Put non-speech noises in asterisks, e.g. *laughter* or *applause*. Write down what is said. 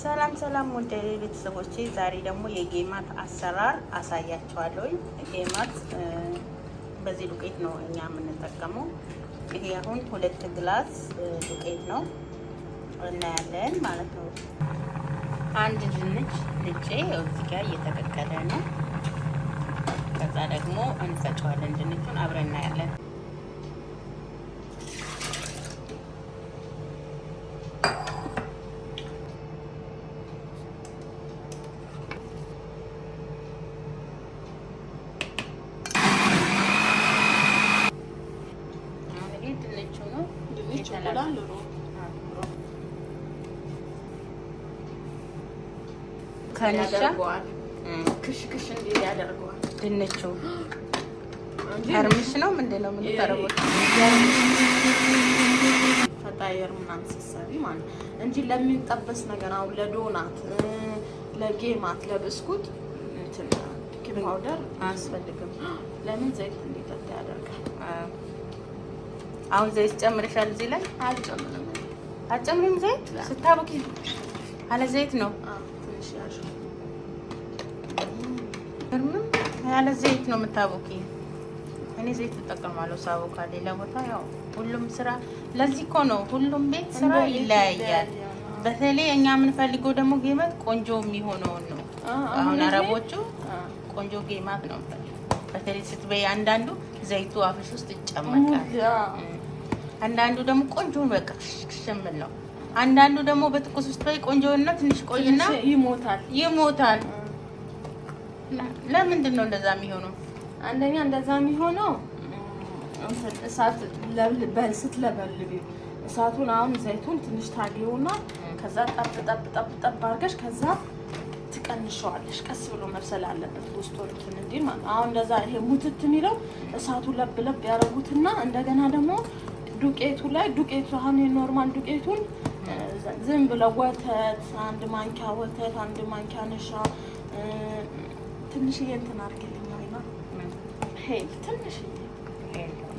ሰላም ሰላም ውድ ቤተሰቦቼ፣ ዛሬ ደግሞ የጌማት አሰራር አሳያቸዋለሁኝ። ጌማት በዚህ ዱቄት ነው እኛ የምንጠቀመው። ይሄ አሁን ሁለት ግላስ ዱቄት ነው እናያለን ማለት ነው። አንድ ድንች ልጬ እዚህ ጋር እየተቀቀለ ነው። ከዛ ደግሞ እንፈጨዋለን ድንቹን አብረን እናያለን። allora ከነሻ ክሽ ክሽ እንዲህ ድንቹ እርምሽ ነው ምንድን ነው ፈጣየር ምናምን ስትሰሪ ማለት እንጂ ለሚጠበስ ነገር አሁን ለዶናት፣ ለጌማት፣ ለብስኩት ፓውደር አያስፈልግም። *gasps* ለምን ዘይት እንዲጠጣ ያደርጋል። አሁን ዘይት ጨምረሻል። እዚህ ላይ አልጨምርም። አልጨምርም ዘይት ስታብኪ አለ ዘይት ነው ያለ ዘይት ነው የምታቦኪ። እኔ ዘይት እጠቀማለሁ ሳቦካ። ሌላ ቦታ ያው ሁሉም ስራ ለዚህ እኮ ነው ሁሉም ቤት ስራ ይለያያል። በተለይ እኛ የምንፈልገው ደግሞ ጌመት ቆንጆ የሚሆነውን ነው። አሁን አረቦቹ ቆንጆ ጌማት ነው በተለይ ስትበይ አንዳንዱ ዘይቱ አፍሽ ውስጥ ይጨመቃል። አንዳንዱ ደግሞ ቆንጆን በቃ ሽምል ነው። አንዳንዱ ደግሞ በትኩስ ስትበይ ቆንጆና ትንሽ ቆይና ይሞታል ይሞታል። ለምንድን ነው እንደዛ የሚሆነው? አንደኛ እንደዛ የሚሆነው እሳት ስትለበልቢው እሳቱን አሁን ዘይቱን ትንሽ ታዲውና ከዛ ጠብ ጠብ ጠብ ጠብ አድርገሽ ከዛ ትቀንሸዋለሽ። ቀስ ብሎ መብሰል አለበት ውስጡ እንትን እንዲል ማለት ነው። አሁን እንደዛ ይሄ ሙትት የሚለው እሳቱ ለብ ለብ ያደረጉትና እንደገና ደግሞ ዱቄቱ ላይ ዱቄቱ አሁን ኖርማል ዱቄቱን ዝም ብለው ወተት አንድ ማንኪያ ወተት አንድ ማንኪያ ነሻ ትንሽዬ እንትን አድርግልኝ ሄል ትንሽዬ